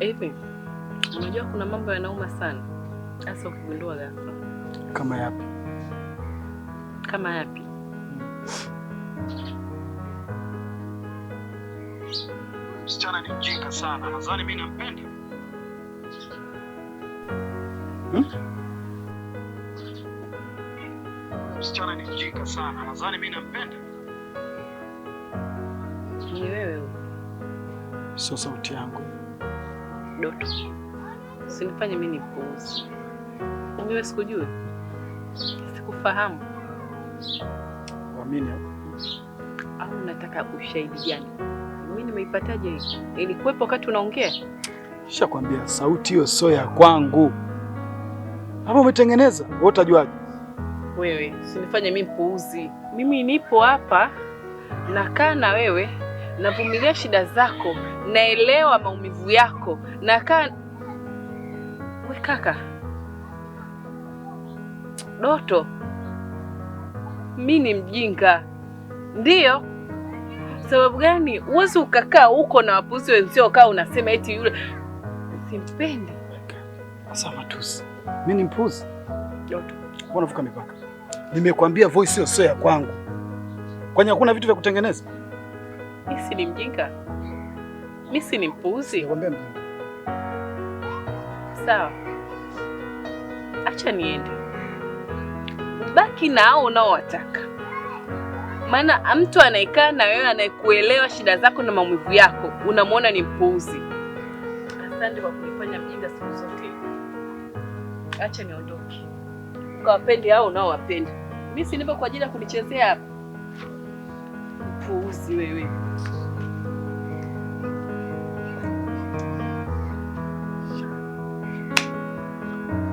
Hivi unajua kuna mambo yanauma sana, hasa ukigundua ghafla. Kama yapi? Kama yapi? Msichana ni mjinga sana, nadhani mimi nampenda. Hmm? Msichana ni mjinga sana, nadhani mimi nampenda. Ni wewe, sio sauti yangu. Doto, usinifanye mimi nikuuzi. wewe sikujui, sikufahamu. Waamini au nataka ushahidi gani? Mimi nimeipataje hii? Ilikuwepo wakati unaongea? Nishakwambia sauti hiyo sio ya kwangu. Hapo umetengeneza, wewe utajuaje? Wewe sinifanye mimi mpuuzi. Mimi nipo hapa nakaa na wewe navumilia shida zako, naelewa maumivu yako, nakaa we kaka Doto, mi ni mjinga ndiyo. Sababu gani? uwezi ukakaa huko na wapuzi wenzio, kaa unasema eti yule simpendi. Sasa matusi, mi ni mpuzi Doto, mbona vuka mipaka? Nimekwambia voice hiyo sio ya kwangu, kwani hakuna vitu vya kutengeneza Mi si ni mjinga, mi si ni mpuuzi. Sawa, acha niende, baki na hao unaowataka, maana mtu anayekaa na wewe anayekuelewa shida zako na maumivu yako unamwona ni mpuuzi. Asante kwa kunifanya mjinga siku zote. Acha niondoke, ukawapende hao unaowapenda. Mi si nipo kwa ajili ya kunichezea hapa. 呼吸，喂为。